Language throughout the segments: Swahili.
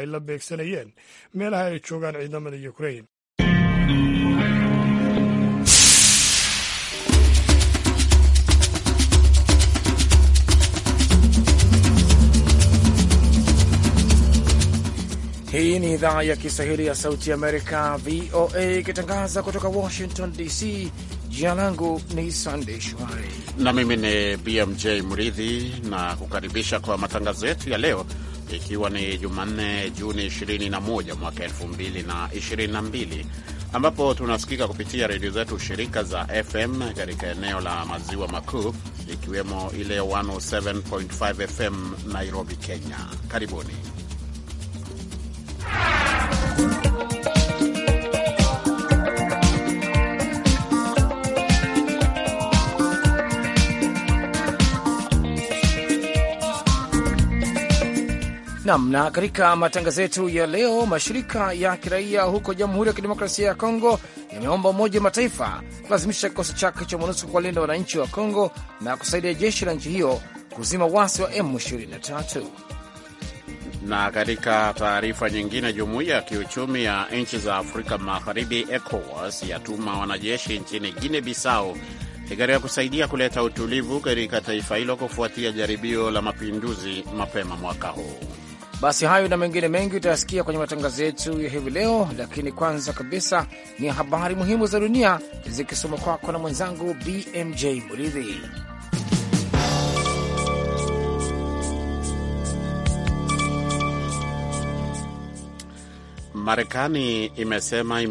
ay la beegsanayeen meelaha ay joogaan ciidamada Ukraine. Hii ni idhaa ya Kiswahili ya Sauti ya Amerika, VOA, ikitangaza kutoka Washington DC. Jina langu ni Sandey Shwari na mimi ni BMJ Mridhi, na kukaribisha kwa matangazo yetu ya leo ikiwa ni Jumanne Juni 21 mwaka 2022 ambapo tunasikika kupitia redio zetu shirika za FM katika eneo la maziwa makuu ikiwemo ile 107.5 FM Nairobi, Kenya. Karibuni. nam. Na katika matangazo yetu ya leo, mashirika ya kiraia huko Jamhuri ya Kidemokrasia ya Kongo yameomba Umoja wa Mataifa kulazimisha kikosi chake cha MONUSCO kuwalinda wananchi wa Kongo na kusaidia jeshi la nchi hiyo kuzima wasi wa M23. Na katika taarifa nyingine, jumuiya ya kiuchumi ya nchi za Afrika Magharibi, ECOWAS, yatuma wanajeshi nchini Guinea Bissau katika kusaidia kuleta utulivu katika taifa hilo kufuatia jaribio la mapinduzi mapema mwaka huu. Basi hayo na mengine mengi utayasikia kwenye matangazo yetu ya hivi leo, lakini kwanza kabisa ni habari muhimu za dunia zikisoma kwako na mwenzangu BMJ Muridhi. Marekani imesema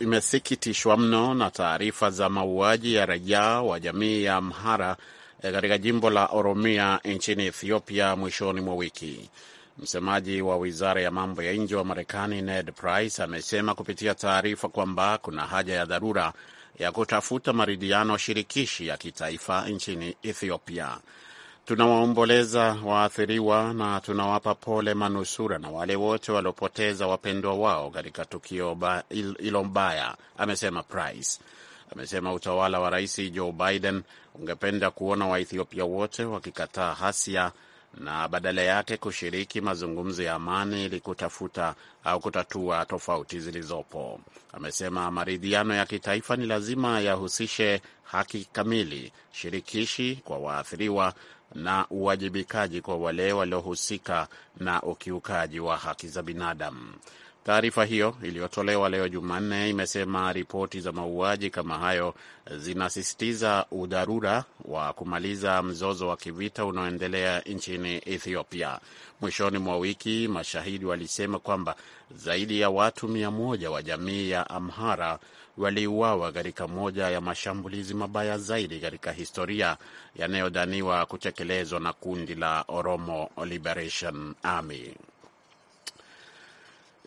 imesikitishwa mno na taarifa za mauaji ya raia wa jamii ya Amhara eh, katika jimbo la Oromia nchini Ethiopia mwishoni mwa wiki. Msemaji wa wizara ya mambo ya nje wa Marekani Ned Price amesema kupitia taarifa kwamba kuna haja ya dharura ya kutafuta maridhiano shirikishi ya kitaifa nchini Ethiopia. Tunawaomboleza waathiriwa na tunawapa pole manusura na wale wote waliopoteza wapendwa wao katika tukio hilo mbaya, amesema Price. Amesema utawala wa Rais Joe Biden ungependa kuona Waethiopia wote wakikataa hasia na badala yake kushiriki mazungumzo ya amani ili kutafuta au kutatua tofauti zilizopo. Amesema maridhiano ya kitaifa ni lazima yahusishe haki kamili, shirikishi kwa waathiriwa na uwajibikaji kwa wale waliohusika na ukiukaji wa haki za binadamu. Taarifa hiyo iliyotolewa leo Jumanne imesema ripoti za mauaji kama hayo zinasisitiza udharura wa kumaliza mzozo wa kivita unaoendelea nchini Ethiopia. Mwishoni mwa wiki, mashahidi walisema kwamba zaidi ya watu mia moja wa jamii ya Amhara waliuawa katika moja ya mashambulizi mabaya zaidi katika historia yanayodhaniwa kutekelezwa na kundi la Oromo Liberation Army.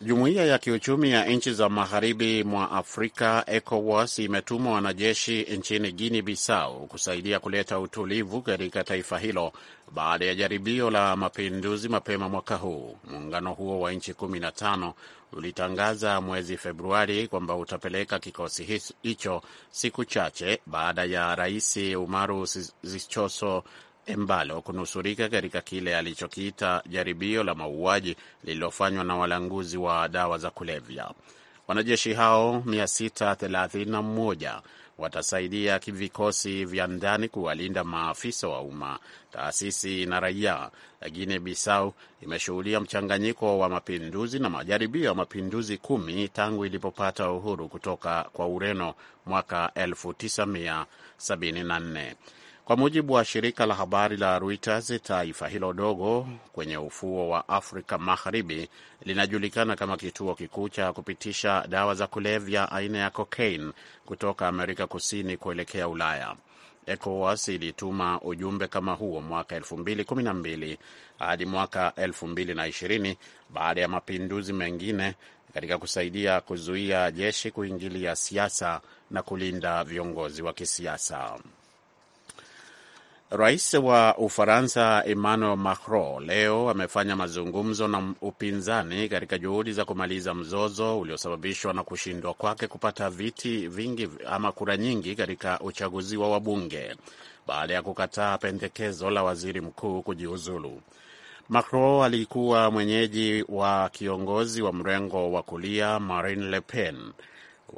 Jumuiya ya kiuchumi ya nchi za magharibi mwa Afrika, ECOWAS, imetumwa wanajeshi nchini Guini Bissau kusaidia kuleta utulivu katika taifa hilo baada ya jaribio la mapinduzi mapema mwaka huu. Muungano huo wa nchi 15 ulitangaza mwezi Februari kwamba utapeleka kikosi hicho siku chache baada ya Rais Umaru Sisoso Embalo kunusurika katika kile alichokiita jaribio la mauaji lililofanywa na walanguzi wa dawa za kulevya. Wanajeshi hao 631 watasaidia vikosi vya ndani kuwalinda maafisa wa umma, taasisi na raia. Guinea Bisau imeshuhudia mchanganyiko wa mapinduzi na majaribio ya mapinduzi kumi tangu ilipopata uhuru kutoka kwa Ureno mwaka 1974. Kwa mujibu wa shirika la habari la Reuters, taifa hilo dogo kwenye ufuo wa Afrika Magharibi linajulikana kama kituo kikuu cha kupitisha dawa za kulevya aina ya cocaine kutoka Amerika Kusini kuelekea Ulaya. ECOWAS ilituma ujumbe kama huo mwaka 2012 hadi mwaka 2020 baada ya mapinduzi mengine katika kusaidia kuzuia jeshi kuingilia siasa na kulinda viongozi wa kisiasa. Rais wa Ufaransa Emmanuel Macron leo amefanya mazungumzo na upinzani katika juhudi za kumaliza mzozo uliosababishwa na kushindwa kwake kupata viti vingi ama kura nyingi katika uchaguzi wa wabunge baada ya kukataa pendekezo la waziri mkuu kujiuzulu. Macron alikuwa mwenyeji wa kiongozi wa mrengo wa kulia Marine Le Pen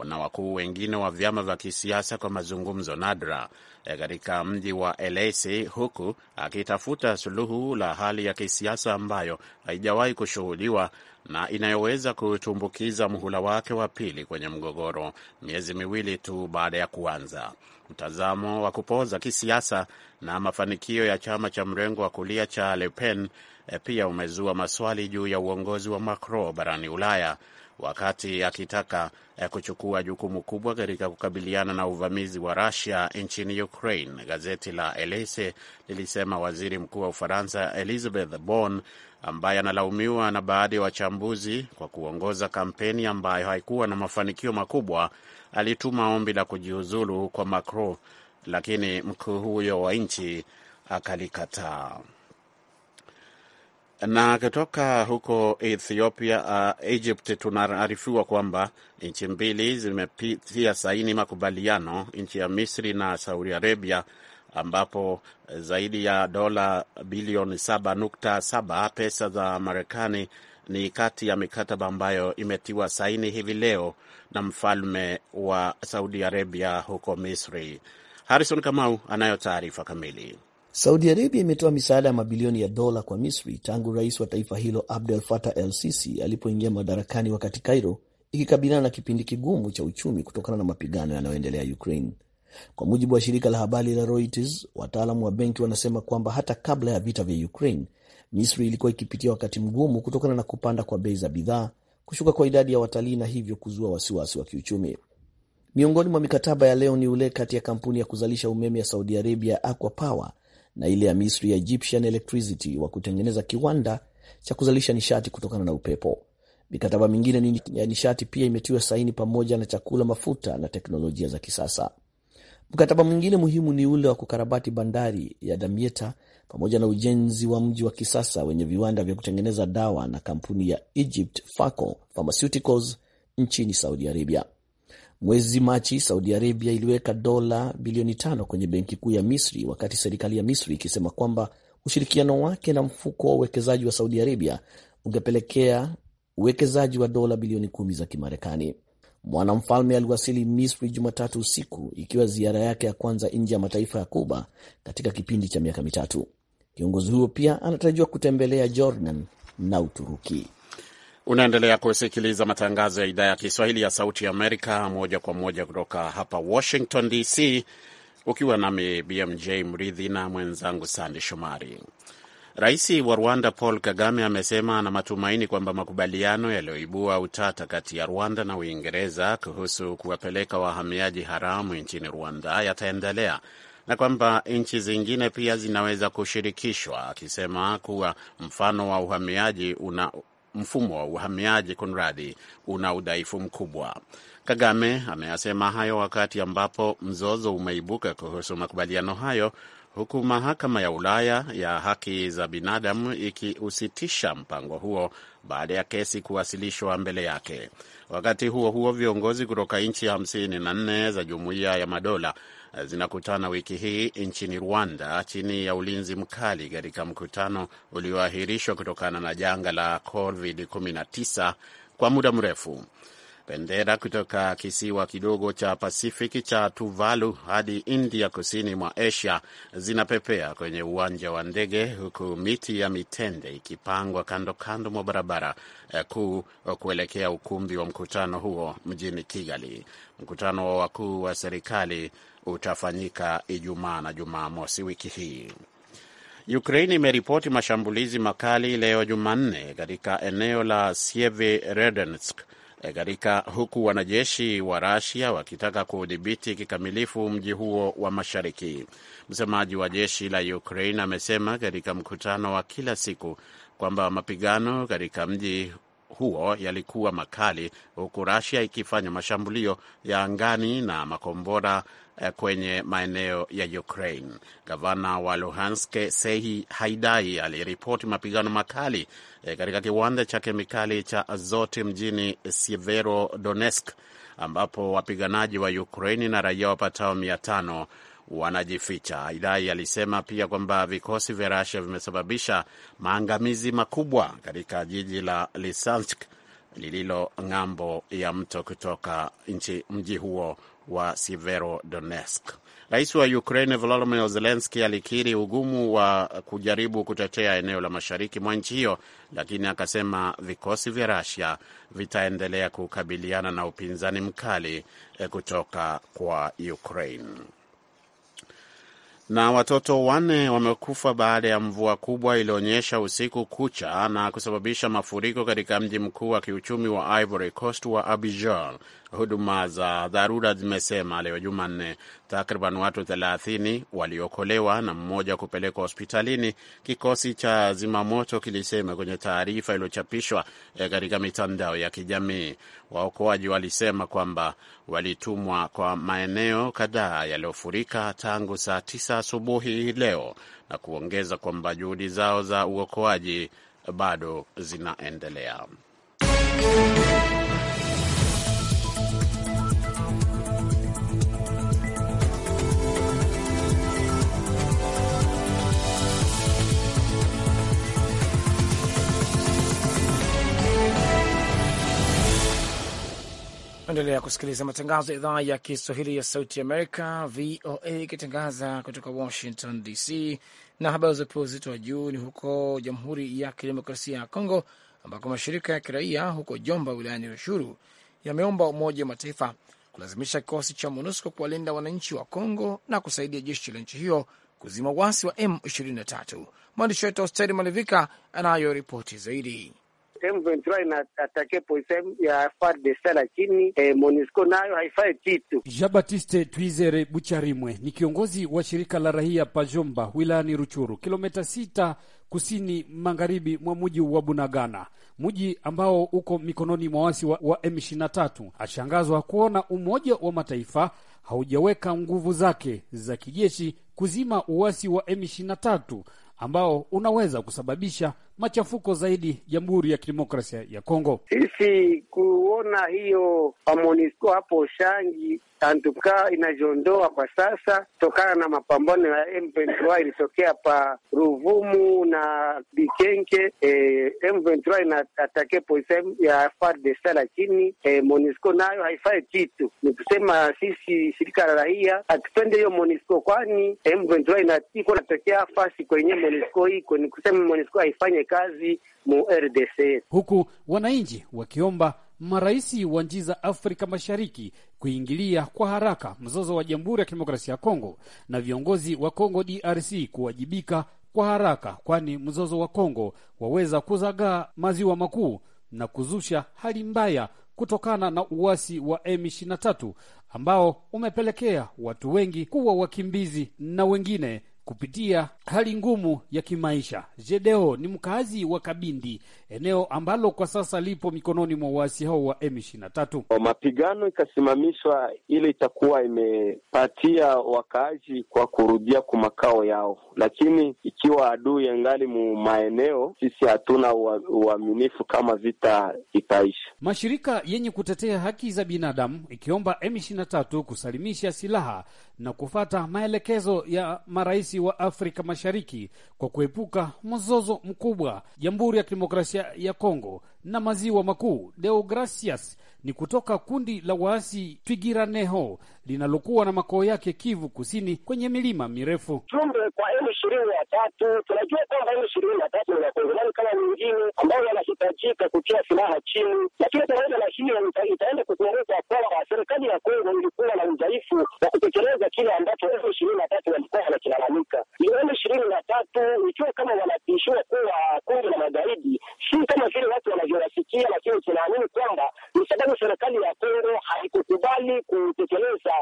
na wakuu wengine wa vyama vya kisiasa kwa mazungumzo nadra katika mji wa Elese huku akitafuta suluhu la hali ya kisiasa ambayo haijawahi kushuhudiwa na inayoweza kutumbukiza muhula wake wa pili kwenye mgogoro miezi miwili tu baada ya kuanza. Mtazamo wa kupoza kisiasa na mafanikio ya chama cha mrengo wa kulia cha Le Pen eh, pia umezua maswali juu ya uongozi wa Macron barani Ulaya wakati akitaka eh, kuchukua jukumu kubwa katika kukabiliana na uvamizi wa rasia nchini Ukraine. Gazeti la Elise lilisema waziri mkuu wa Ufaransa Elizabeth Borne, ambaye analaumiwa na baadhi ya wachambuzi kwa kuongoza kampeni ambayo haikuwa na mafanikio makubwa, alituma ombi la kujiuzulu kwa Macron, lakini mkuu huyo wa nchi akalikataa. Na kutoka huko Ethiopia, uh, Egypt, tunaarifiwa kwamba nchi mbili zimepitia saini makubaliano, nchi ya Misri na Saudi Arabia, ambapo zaidi ya dola bilioni 7.7 pesa za Marekani ni kati ya mikataba ambayo imetiwa saini hivi leo na mfalme wa Saudi Arabia huko Misri. Harrison Kamau anayo taarifa kamili. Saudi Arabia imetoa misaada ya mabilioni ya dola kwa Misri tangu rais wa taifa hilo Abdel Fattah El Sisi alipoingia madarakani, wakati Cairo ikikabiliana na kipindi kigumu cha uchumi kutokana na mapigano yanayoendelea Ukraine. Kwa mujibu wa shirika la habari la Reuters, wataalamu wa benki wanasema kwamba hata kabla ya vita vya Ukraine, Misri ilikuwa ikipitia wakati mgumu kutokana na kupanda kwa bei za bidhaa, kushuka kwa idadi ya watalii na hivyo kuzua wasiwasi wa kiuchumi. Miongoni mwa mikataba ya leo ni ule kati ya kampuni ya kuzalisha umeme ya Saudi Arabia Aqua Power na ile ya Misri ya Egyptian Electricity wa kutengeneza kiwanda cha kuzalisha nishati kutokana na upepo. Mikataba mingine ya nishati pia imetiwa saini pamoja na chakula, mafuta na teknolojia za kisasa. Mkataba mwingine muhimu ni ule wa kukarabati bandari ya damieta pamoja na ujenzi wa mji wa kisasa wenye viwanda vya kutengeneza dawa na kampuni ya Egypt Faco Pharmaceuticals nchini Saudi Arabia. Mwezi Machi, Saudi Arabia iliweka dola bilioni tano kwenye benki kuu ya Misri, wakati serikali ya Misri ikisema kwamba ushirikiano wake na mfuko wa uwekezaji wa Saudi Arabia ungepelekea uwekezaji wa dola bilioni kumi za Kimarekani. Mwanamfalme aliwasili Misri Jumatatu usiku ikiwa ziara yake ya kwanza nje ya mataifa ya Kuba katika kipindi cha miaka mitatu. Kiongozi huyo pia anatarajiwa kutembelea Jordan na Uturuki. Unaendelea kusikiliza matangazo ya idhaa ya Kiswahili ya Sauti ya Amerika moja kwa moja kutoka hapa Washington DC, ukiwa nami BMJ Mridhi na mwenzangu sandi Shomari. Rais wa Rwanda Paul Kagame amesema ana matumaini kwamba makubaliano yaliyoibua utata kati ya Rwanda na Uingereza kuhusu kuwapeleka wahamiaji haramu nchini Rwanda yataendelea na kwamba nchi zingine pia zinaweza kushirikishwa, akisema kuwa mfano wa uhamiaji una mfumo wa uhamiaji kunradhi, una udhaifu mkubwa. Kagame ameyasema hayo wakati ambapo mzozo umeibuka kuhusu makubaliano hayo huku mahakama ya Ulaya ya haki za binadamu ikiusitisha mpango huo baada ya kesi kuwasilishwa mbele yake. Wakati huo huo, viongozi kutoka nchi 54 za Jumuiya ya Madola eh, zinakutana wiki hii nchini Rwanda chini ya ulinzi mkali katika mkutano ulioahirishwa kutokana na janga la COVID-19 kwa muda mrefu bendera kutoka kisiwa kidogo cha Pasifiki cha Tuvalu hadi India kusini mwa Asia zinapepea kwenye uwanja wa ndege, huku miti ya mitende ikipangwa kando kando mwa barabara eh, kuu eh, kuelekea ukumbi wa mkutano huo mjini Kigali. Mkutano wa wakuu wa serikali utafanyika Ijumaa na Jumamosi wiki hii. Ukraine imeripoti mashambulizi makali leo Jumanne katika eneo la Sieverodonetsk E, katika huku wanajeshi wa Rasia wakitaka kuudhibiti kikamilifu mji huo wa mashariki. Msemaji wa jeshi la Ukraine amesema katika mkutano wa kila siku kwamba mapigano katika mji huo yalikuwa makali, huku Rasia ikifanya mashambulio ya angani na makombora eh, kwenye maeneo ya Ukraine. Gavana wa luhanske Sehi Haidai aliripoti mapigano makali eh, katika kiwanda cha kemikali cha Azoti mjini Severo donesk ambapo wapiganaji wa Ukraini na raia wapatao mia tano wanajificha. Idai alisema pia kwamba vikosi vya Russia vimesababisha maangamizi makubwa katika jiji la Lisansk lililo ng'ambo ya mto kutoka nchi mji huo wa Severodonetsk. Rais wa Ukraine Volodymyr Zelenski alikiri ugumu wa kujaribu kutetea eneo la mashariki mwa nchi hiyo, lakini akasema vikosi vya Russia vitaendelea kukabiliana na upinzani mkali eh, kutoka kwa Ukraine. Na watoto wanne wamekufa baada ya mvua kubwa iliyoonyesha usiku kucha na kusababisha mafuriko katika mji mkuu wa kiuchumi wa Ivory Coast wa Abidjan huduma za dharura zimesema leo Jumanne takriban watu 30 waliokolewa na mmoja kupelekwa hospitalini, kikosi cha zimamoto kilisema kwenye taarifa iliyochapishwa eh, katika mitandao ya kijamii. Waokoaji walisema kwamba walitumwa kwa maeneo kadhaa yaliyofurika tangu saa 9 asubuhi leo na kuongeza kwamba juhudi zao za uokoaji bado zinaendelea. Endelea kusikiliza matangazo ya idhaa ya Kiswahili ya Sauti Amerika, VOA, ikitangaza kutoka Washington DC. Na habari zopewa uzito wa juu ni huko Jamhuri ya Kidemokrasia ya Kongo, ambako mashirika ya kiraia huko Jomba wilayani Rushuru yameomba Umoja wa Mataifa kulazimisha kikosi cha MONUSCO kuwalinda wananchi wa Kongo na kusaidia jeshi la nchi hiyo kuzima wasi wa M23. Mwandishi wetu Austeri Malivika anayo ripoti zaidi. M23 inatake position ya FARDC, lakini eh, MONUSCO nayo haifai kitu. Jean Baptiste Twizere Bucharimwe ni kiongozi wa shirika la rahia Pajomba wilayani Ruchuru, kilomita sita kusini magharibi mwa mji wa Bunagana, mji ambao uko mikononi mwa wasi wa, wa M23, ashangazwa kuona Umoja wa Mataifa haujaweka nguvu zake za kijeshi kuzima uasi wa M23 ambao unaweza kusababisha machafuko zaidi Jamhuri ya Kidemokrasia ya Kongo. Sisi kuona hiyo pamonisko hapo Shangi antuka inajiondoa kwa sasa kutokana na mapambano ya M23 ilitokea pa Ruvumu na Bikenke. E, M23 inaatake polisi ya FARDC lakini e, Monisco nayo haifai kitu. Ni kusema sisi shirika la raia hatupende hiyo Monisco, kwani M23 iko natokea fasi kwenye Monisco iko, ni kusema Monisco haifanye kazi mu RDC, huku wananchi wakiomba marais wa nchi za Afrika Mashariki kuingilia kwa haraka mzozo wa Jamhuri ya Kidemokrasia ya Kongo na viongozi wa Kongo DRC kuwajibika kwa haraka, kwani mzozo wa Kongo waweza kuzagaa maziwa makuu na kuzusha hali mbaya kutokana na uasi wa M23 ambao umepelekea watu wengi kuwa wakimbizi na wengine kupitia hali ngumu ya kimaisha. Jedeo ni mkazi wa Kabindi, eneo ambalo kwa sasa lipo mikononi mwa waasi hao wa M23. Mapigano ikasimamishwa ili itakuwa imepatia wakaaji kwa kurudia kwa makao yao, lakini ikiwa adui yangali mu maeneo, sisi hatuna uaminifu kama vita itaisha. Mashirika yenye kutetea haki za binadamu ikiomba M23 kusalimisha silaha na kufata maelekezo ya marais ufanisi wa Afrika Mashariki kwa kuepuka mzozo mkubwa. Jamhuri ya Kidemokrasia ya Kongo na Maziwa Makuu. Deogracias ni kutoka kundi la waasi Twigiraneho linalokuwa na makao yake Kivu Kusini, kwenye milima mirefu. Jumbe kwa emu ishirini na tatu, tunajua kwamba emu ishirini na tatu ni wakongomani kama wengine ambao wanahitajika kutia silaha chini, lakini pamoja na hiyo itaenda kupunguza kwamba serikali ya Kongo ilikuwa na udhaifu wa kutekeleza kile ambacho M ishirini na tatu kama wanatishiwa kuwa kundi la magaidi, si kama vile watu wanavyowasikia, lakini tunaamini kwamba ni sababu serikali ya Kongo haikukubali kutekeleza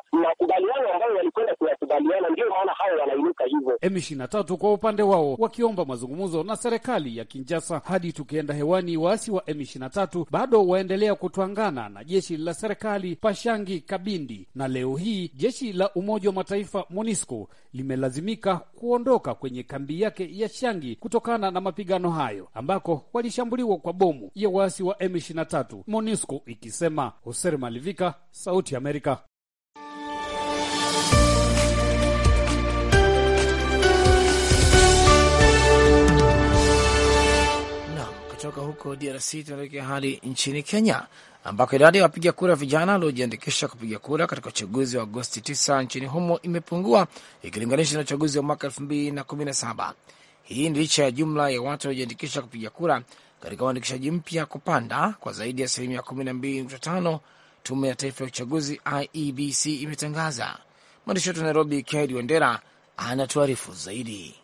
M23 kwa upande wao wakiomba mazungumzo na serikali ya Kinjasa. Hadi tukienda hewani, waasi wa M23 bado waendelea kutwangana na jeshi la serikali Pashangi Kabindi, na leo hii jeshi la Umoja wa Mataifa MONUSCO limelazimika kuondoka kwenye kambi yake ya Shangi kutokana na mapigano hayo ambako walishambuliwa kwa bomu ya waasi wa M23, MONUSCO ikisema. Hoser Malivika, Sauti Amerika. Kutoka huko DRC tunaelekea hadi nchini Kenya ambako idadi ya wapiga kura vijana waliojiandikisha kupiga kura katika uchaguzi wa Agosti 9 nchini humo imepungua ikilinganisha na uchaguzi wa mwaka 2017. Hii ni licha ya jumla ya watu waliojiandikisha kupiga kura katika uandikishaji mpya kupanda kwa zaidi ya asilimia 12.5, tume ya taifa ya uchaguzi IEBC imetangaza. Mwandishi wetu wa Nairobi, Kennedy Wendera, anatuarifu zaidi.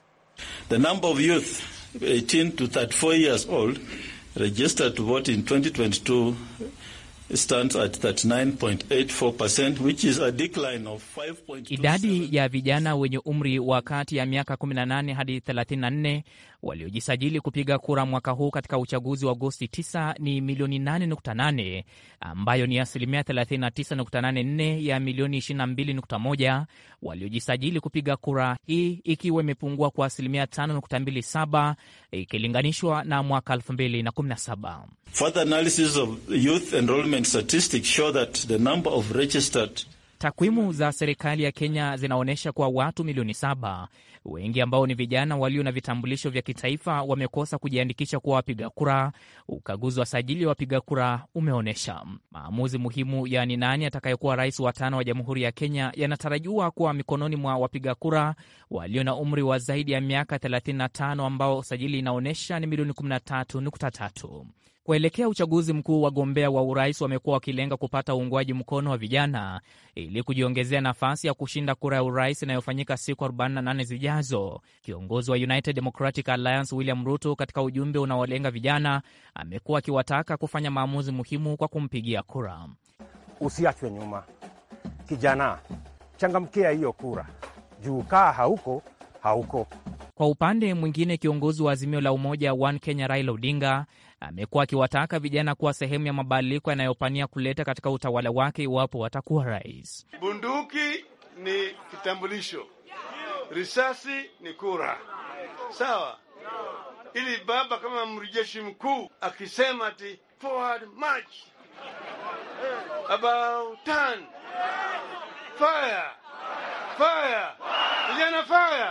The number of youth 18 to 34 years old registered to vote in 2022 stands at 39.84%, which is a decline of 5.27. Idadi ya vijana wenye umri wa kati ya miaka 18 hadi 34 waliojisajili kupiga kura mwaka huu katika uchaguzi wa Agosti 9 ni milioni 8.8 ambayo ni asilimia 39.84 ya milioni 22.1 waliojisajili kupiga kura, hii ikiwa imepungua kwa asilimia 5.27 ikilinganishwa na mwaka 2017. Further analysis of youth enrollment statistics show that the number of registered Takwimu za serikali ya Kenya zinaonyesha kuwa watu milioni saba, wengi ambao ni vijana walio na vitambulisho vya kitaifa, wamekosa kujiandikisha kuwa wapiga kura. Ukaguzi wa sajili ya wapiga kura umeonyesha. Maamuzi muhimu ya ni nani atakayekuwa rais wa tano wa Jamhuri ya Kenya yanatarajiwa kuwa mikononi mwa wapiga kura walio na umri wa zaidi ya miaka 35 ambao sajili inaonyesha ni milioni 13.3. Kuelekea uchaguzi mkuu, wagombea wa urais wamekuwa wakilenga kupata uungwaji mkono wa vijana ili kujiongezea nafasi ya kushinda kura ya urais inayofanyika siku 48 zijazo. Kiongozi wa United Democratic Alliance William Ruto, katika ujumbe unaolenga vijana, amekuwa akiwataka kufanya maamuzi muhimu kwa kumpigia kura. Usiachwe nyuma kijana, changamkia hiyo kura juu, kaa hauko hauko kwa upande mwingine, kiongozi wa Azimio la Umoja One Kenya Raila Odinga amekuwa akiwataka vijana kuwa sehemu ya mabadiliko yanayopania kuleta katika utawala wake iwapo watakuwa rais. Bunduki ni kitambulisho, risasi ni kura, sawa? Ili baba kama mrejeshi mkuu akisema ati forward march about turn fire fire vijana fire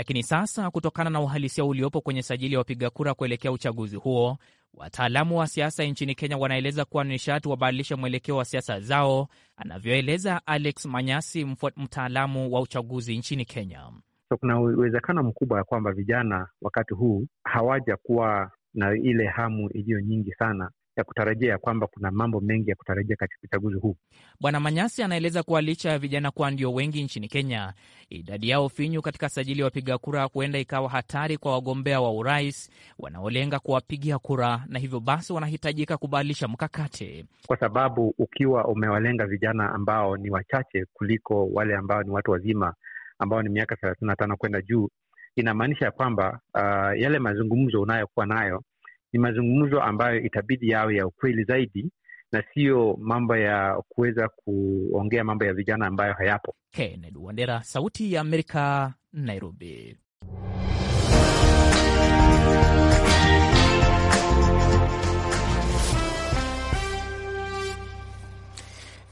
Lakini sasa kutokana na uhalisia uliopo kwenye sajili ya wapiga kura kuelekea uchaguzi huo, wataalamu wa siasa nchini Kenya wanaeleza kuwa nishati wabadilisha wabadilishe mwelekeo wa siasa zao, anavyoeleza Alex Manyasi, mtaalamu wa uchaguzi nchini Kenya. So, kuna uwezekano mkubwa ya kwamba vijana wakati huu hawajakuwa na ile hamu iliyo nyingi sana ya kutarajia ya kwamba kuna mambo mengi ya kutarajia katika uchaguzi huu. Bwana Manyasi anaeleza kuwa licha ya vijana kuwa ndio wengi nchini Kenya, idadi yao finyu katika sajili ya wapiga kura huenda ikawa hatari kwa wagombea wa urais wanaolenga kuwapigia kura, na hivyo basi wanahitajika kubadilisha mkakati, kwa sababu ukiwa umewalenga vijana ambao ni wachache kuliko wale ambao ni watu wazima ambao ni miaka thelathini na tano kwenda juu, inamaanisha ya kwamba uh, yale mazungumzo unayokuwa nayo ni mazungumzo ambayo itabidi yawe ya ukweli zaidi na siyo mambo ya kuweza kuongea mambo ya vijana ambayo hayapo. Kennedy Wandera, Sauti ya Amerika, Nairobi.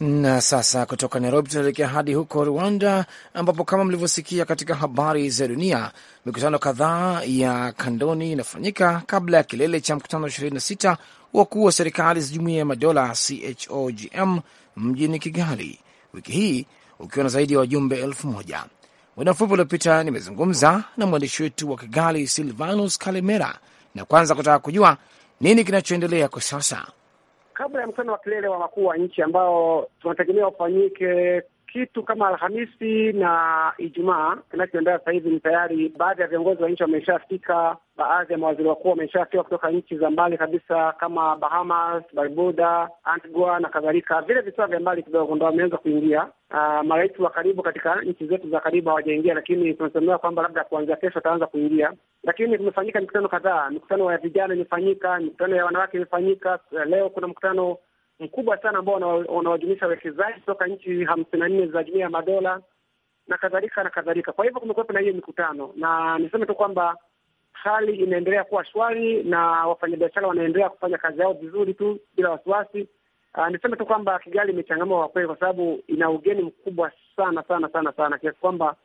Na sasa kutoka Nairobi tunaelekea hadi huko Rwanda, ambapo kama mlivyosikia katika habari za dunia, mikutano kadhaa ya kandoni inafanyika kabla ya kilele cha mkutano wa 26 wakuu wa serikali za jumuiya ya madola CHOGM mjini Kigali wiki hii, ukiwa na zaidi ya wa wajumbe elfu moja. Muda mfupi uliopita nimezungumza na mwandishi wetu wa Kigali Silvanus Kalemera, na kwanza kutaka kujua nini kinachoendelea kwa sasa kabla ya mkutano wa kilele wa wakuu wa nchi ambao tunategemea ufanyike kitu kama Alhamisi na Ijumaa. Kinachoendelea sasa hivi ni tayari baadhi ya viongozi wa nchi wameshafika, baadhi ya mawaziri wakuu wameshafika kutoka nchi za mbali kabisa kama Bahamas, Barbuda, Antigua na kadhalika, vile visiwa vya mbali kidogo ndo wameanza kuingia. Uh, ah, marais wa karibu katika nchi zetu za karibu hawajaingia, lakini tunasemea kwamba labda kuanzia kesho ataanza kuingia. Lakini kumefanyika mikutano kadhaa, mikutano ya vijana imefanyika, mikutano ya wanawake imefanyika. Leo kuna mkutano mkubwa sana ambao wanawajumisha wawekezaji kutoka nchi hamsini na nne za jumuiya ya madola na kadhalika na kadhalika. Kwa hivyo kumekuwepo na hiyo mikutano, na niseme tu kwamba hali inaendelea kuwa shwari na wafanyabiashara wanaendelea kufanya kazi yao vizuri tu bila wasiwasi. Uh, niseme tu kwamba Kigali imechangamua kwa kweli, kwa sababu ina ugeni mkubwa sana sana sana sana kiasi kwamba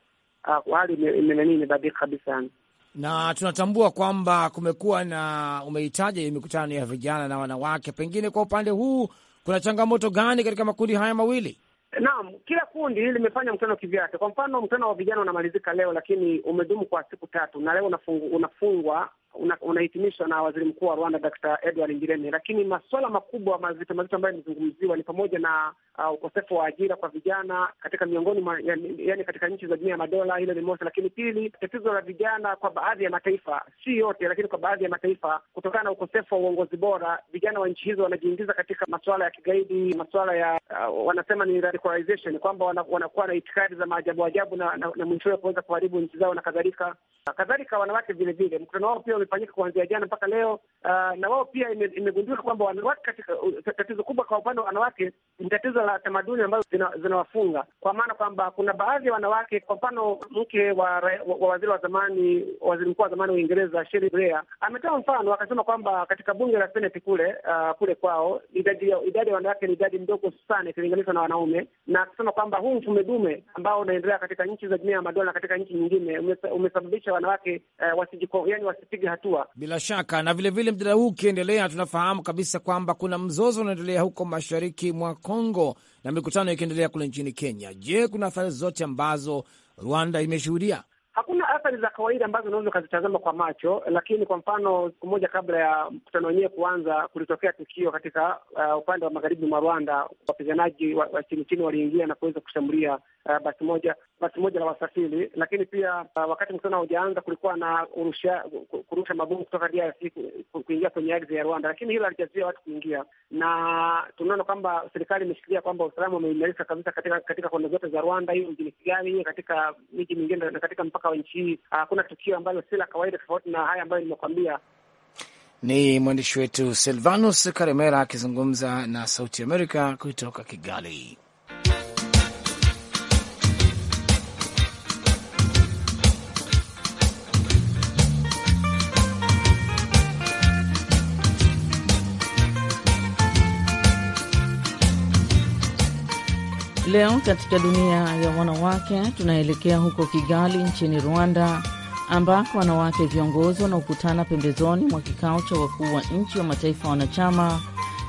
uh, hali imebadilika kabisa yani na tunatambua kwamba kumekuwa na umehitaja mikutano ya vijana na wanawake, pengine kwa upande huu kuna changamoto gani katika makundi haya mawili? Naam, kila kundi limefanya mkutano kivyake. Kwa mfano, mkutano wa vijana unamalizika leo, lakini umedumu kwa siku tatu, na leo unafungwa unahitimishwa una na waziri mkuu wa Rwanda Dr. Edward Ngirente, lakini masuala makubwa mazito mazito ambayo yamezungumziwa ni pamoja na uh, ukosefu wa ajira kwa vijana katika miongoni yani, yani katika nchi za jumuiya ya madola. Hilo ni lakini pili, tatizo la vijana kwa baadhi ya mataifa, si yote, lakini kwa baadhi ya mataifa, kutokana na ukosefu wa uongozi bora, vijana wa nchi hizo wanajiingiza katika masuala ya kigaidi, masuala ya uh, wanasema ni radicalization, kwamba wanakuwa na itikadi za maajabu ajabu na, na, na mwishowe kuweza kuharibu nchi zao na kadhalika kadhalika. Wanawake vilevile mkutano wao pia imefanyika kuanzia jana mpaka leo. Uh, na wao pia imegundulika kwamba wanawake katika uh, tatizo kubwa kwa upande wa wanawake ni tatizo la tamaduni ambazo zinawafunga zina, kwa maana kwamba kuna baadhi ya wanawake, kwa mfano mke wa, wa, wa waziri wa zamani waziri mkuu wa zamani Uingereza Sheri Blair ametoa mfano akasema kwamba katika bunge la seneti kule uh, kule kwao idadi ya wanawake ni idadi ndogo sana ikilinganishwa na wanaume, na akasema kwamba huu mfumo dume ambao unaendelea katika nchi za jumuiya ya madola katika nchi nyingine umesababisha wanawake uh, wasijiko, yani wasipige hatua. Bila shaka, na vilevile mjadala huu ukiendelea, tunafahamu kabisa kwamba kuna mzozo unaendelea huko mashariki mwa Kongo na mikutano ikiendelea kule nchini Kenya. Je, kuna athari zote ambazo Rwanda imeshuhudia? Hakuna athari za kawaida ambazo unaweza ukazitazama kwa macho, lakini kwa mfano, siku moja kabla ya mkutano wenyewe kuanza, kulitokea tukio katika uh, upande wa magharibi mwa Rwanda. Wapiganaji wa chini chini waliingia na kuweza kushambulia uh, basi moja basi moja la wasafiri, lakini pia uh, wakati mkutano haujaanza, kulikuwa na urusha, kurusha mabomu kutoka DRC kuingia kwenye ardhi ya Rwanda, lakini hilo halijazuia watu kuingia, na tunaona kwamba serikali imeshikilia kwamba usalama umeimarika kabisa katika katika kona zote za Rwanda, hiyo mjini Kigali, hiyo katika miji mingine na katika mpaka mwaka wa nchi hii. Ah, hakuna tukio ambalo si la kawaida tofauti na haya ambayo nimekwambia. Ni mwandishi wetu Silvanus Karemera akizungumza na Sauti Amerika kutoka Kigali. Leo katika dunia ya wanawake, tunaelekea huko Kigali nchini Rwanda, ambako wanawake viongozi wanaokutana pembezoni mwa kikao cha wakuu wa nchi wa mataifa wanachama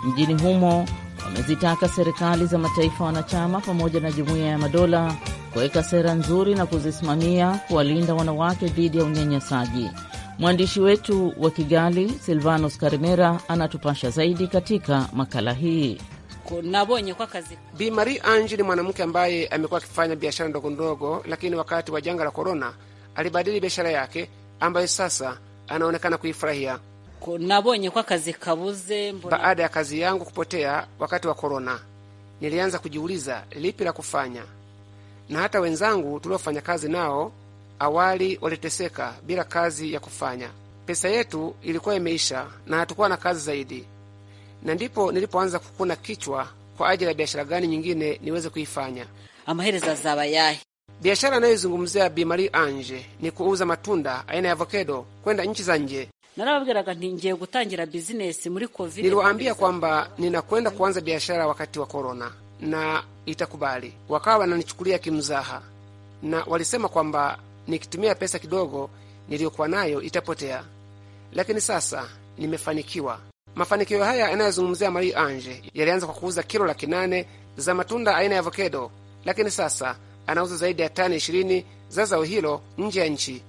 mjini humo wamezitaka serikali za mataifa wanachama pamoja na jumuiya ya madola kuweka sera nzuri na kuzisimamia kuwalinda wanawake dhidi ya unyanyasaji. Mwandishi wetu wa Kigali Silvanos Karimera anatupasha zaidi katika makala hii huko nabonye kwa kazi. Bi Marie Ange ni mwanamke ambaye amekuwa akifanya biashara ndogo ndogo, lakini wakati wa janga la korona alibadili biashara yake ambayo sasa anaonekana kuifurahia. nabonye kwa kazi kabuze mbona... baada ya kazi yangu kupotea wakati wa korona, nilianza kujiuliza lipi la kufanya, na hata wenzangu tuliofanya kazi nao awali waliteseka bila kazi ya kufanya. Pesa yetu ilikuwa imeisha na hatukuwa na kazi zaidi na ndipo nilipoanza kukuna kichwa kwa ajili ya biashara gani nyingine niweze kuifanya. Amaherezo azaba yahe biashara anayoizungumzia Bi Marie Ange ni kuuza matunda aina ya avocado kwenda nchi za nje. Narababwiraga nti ngiye gutangira bizinesi muri covid. Niliwaambia kwamba ninakwenda kuanza biashara wakati wa korona na itakubali. Wakawa wananichukulia kimzaha na walisema kwamba nikitumia pesa kidogo niliyokuwa nayo itapotea, lakini sasa nimefanikiwa. Mafanikio haya yanayozungumzia Marie Ange yalianza kwa kuuza kilo laki nane za matunda aina ya avokedo, lakini sasa anauza zaidi ya tani ishirini za zao hilo nje ya nchi.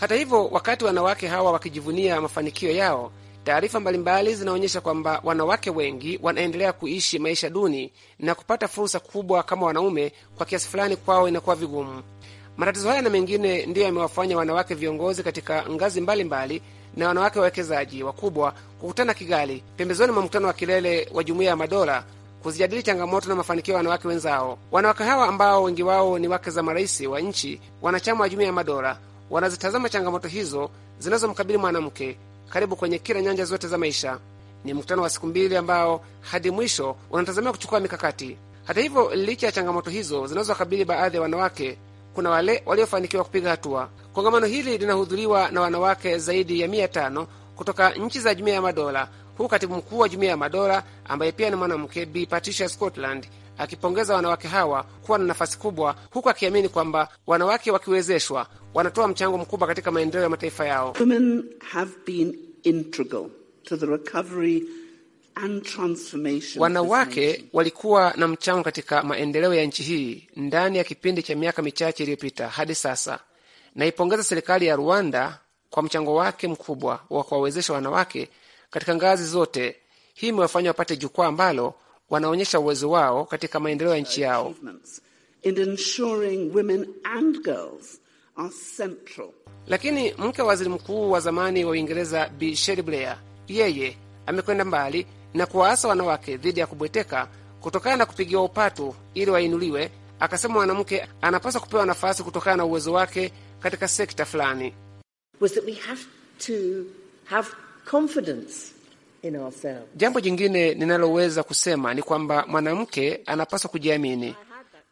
Hata hivyo, wakati wanawake hawa wakijivunia mafanikio yao, taarifa mbalimbali zinaonyesha kwamba wanawake wengi wanaendelea kuishi maisha duni na kupata fursa kubwa kama wanaume, kwa kiasi fulani kwao inakuwa vigumu. Matatizo haya na mengine ndiyo yamewafanya wanawake viongozi katika ngazi mbalimbali mbali, na wanawake wawekezaji wakubwa kukutana Kigali pembezoni mwa mkutano wa kilele wa Jumuiya ya Madola kuzijadili changamoto na mafanikio ya wanawake wenzao. Wanawake hawa ambao wengi wao ni wake za marais wa nchi wanachama wa Jumuiya ya Madola wanazitazama changamoto hizo zinazomkabili mwanamke karibu kwenye kila nyanja zote za maisha. Ni mkutano wa siku mbili ambao hadi mwisho unatazamiwa kuchukua mikakati. Hata hivyo, licha ya changamoto hizo zinazowakabili baadhi ya wanawake, kuna wale waliofanikiwa kupiga hatua. Kongamano hili linahudhuriwa na wanawake zaidi ya mia tano kutoka nchi za Jumuiya ya Madola, huku katibu mkuu wa Jumuiya ya Madola ambaye pia ni mwanamke Bi Patricia Scotland akipongeza wanawake hawa kuwa na nafasi kubwa, huku akiamini kwamba wanawake wakiwezeshwa wanatoa mchango mkubwa katika maendeleo ya mataifa yao. Women have been integral to the recovery Wanawake walikuwa na mchango katika maendeleo ya nchi hii ndani ya kipindi cha miaka michache iliyopita hadi sasa. Naipongeza serikali ya Rwanda kwa mchango wake mkubwa wa kuwawezesha wanawake katika ngazi zote. Hii imewafanya wapate jukwaa ambalo wanaonyesha uwezo wao katika maendeleo ya nchi yao. Lakini mke wa waziri mkuu wa zamani wa Uingereza Bi Sheri Blair, yeye amekwenda mbali na kuwaasa wanawake dhidi ya kubweteka kutokana na kupigiwa upatu ili wainuliwe. Akasema mwanamke anapaswa kupewa nafasi kutokana na uwezo wake katika sekta fulani. Jambo jingine ninaloweza kusema ni kwamba mwanamke anapaswa kujiamini.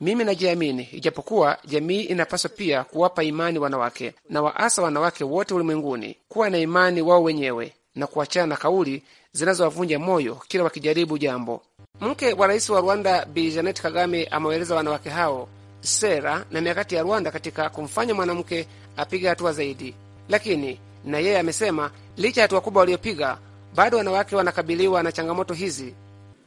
Mimi najiamini, ijapokuwa jamii inapaswa pia kuwapa imani wanawake, na waasa wanawake wote ulimwenguni kuwa na imani wao wenyewe na kuachana na kauli zinazowavunja moyo kila wakijaribu jambo. Mke wa rais wa Rwanda Bi Janet Kagame amewaeleza wanawake hao sera na mikakati ya Rwanda katika kumfanya mwanamke apige hatua zaidi, lakini na yeye amesema licha ya hatua kubwa waliopiga, bado wanawake wanakabiliwa na changamoto hizi.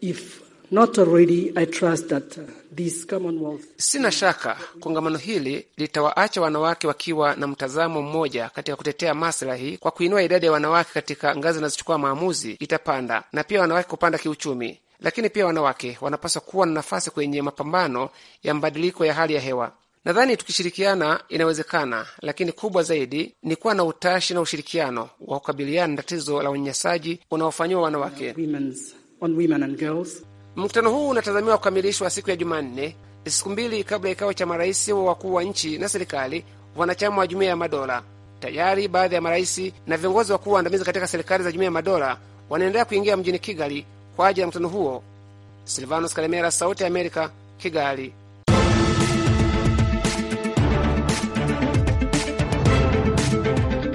If Not already, I trust that uh, this Commonwealth... Sina shaka kongamano hili litawaacha wanawake wakiwa na mtazamo mmoja katika kutetea maslahi. Kwa kuinua idadi ya wanawake katika ngazi zinazochukua maamuzi itapanda, na pia wanawake kupanda kiuchumi. Lakini pia wanawake wanapaswa kuwa na nafasi kwenye mapambano ya mabadiliko ya hali ya hewa. Nadhani tukishirikiana inawezekana, lakini kubwa zaidi ni kuwa na utashi na ushirikiano wa kukabiliana na tatizo la unyanyasaji unaofanyiwa wanawake on women and girls. Mkutano huu unatazamiwa kukamilishwa siku ya Jumanne, siku mbili kabla ya kikao cha marais wa wakuu wa nchi na serikali wanachama wa Jumuiya ya Madola. Tayari baadhi ya marais na viongozi wakuu waandamizi katika serikali za Jumuiya ya Madola wanaendelea kuingia mjini Kigali kwa ajili ya mkutano huo. Silvanos Kalemera, Sauti ya Amerika, Kigali.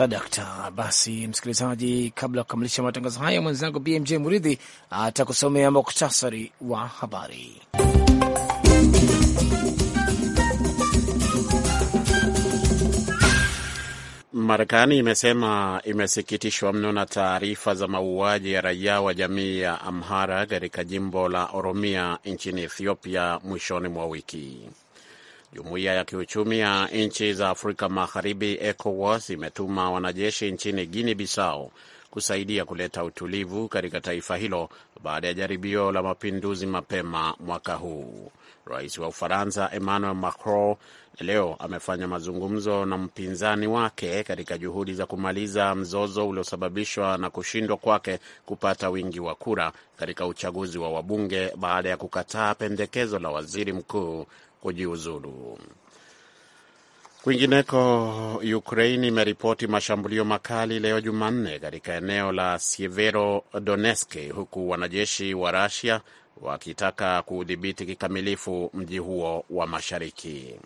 kabisa dakta. Basi msikilizaji, kabla ya kukamilisha matangazo haya, mwenzangu BMJ Muridhi atakusomea muktasari wa habari. Marekani imesema imesikitishwa mno na taarifa za mauaji ya raia wa jamii ya Amhara katika jimbo la Oromia nchini Ethiopia mwishoni mwa wiki. Jumuiya ya kiuchumi ya nchi za Afrika Magharibi, ECOWAS, imetuma wanajeshi nchini Guinea Bissau kusaidia kuleta utulivu katika taifa hilo baada ya jaribio la mapinduzi mapema mwaka huu. Rais wa Ufaransa Emmanuel Macron leo amefanya mazungumzo na mpinzani wake katika juhudi za kumaliza mzozo uliosababishwa na kushindwa kwake kupata wingi wa kura katika uchaguzi wa wabunge baada ya kukataa pendekezo la waziri mkuu kujiuzulu. Kwingineko, ukrain imeripoti mashambulio makali leo Jumanne katika eneo la Severodonetsk, huku wanajeshi wa rasia wakitaka kuudhibiti kikamilifu mji huo wa mashariki.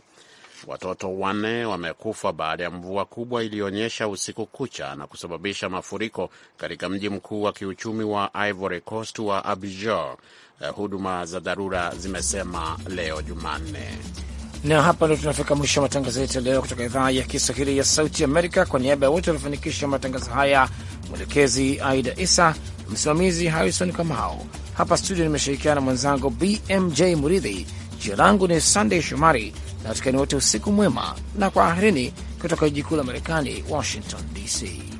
Watoto wanne wamekufa baada ya mvua kubwa iliyoonyesha usiku kucha na kusababisha mafuriko katika mji mkuu wa kiuchumi wa Ivory Coast wa Abidjan, eh, huduma za dharura zimesema leo Jumanne. Na hapa ndio tunafika mwisho wa matangazo yetu leo kutoka idhaa ya Kiswahili ya Sauti Amerika. Kwa niaba ya wote waliofanikisha matangazo haya, mwelekezi Aida Isa, msimamizi Harrison Kamau, hapa studio nimeshirikiana na mwenzangu BMJ Muridhi. Jina langu ni sandey Shomari na watakieni wote usiku mwema na kwaherini, kutoka jiji kuu la Marekani, Washington DC.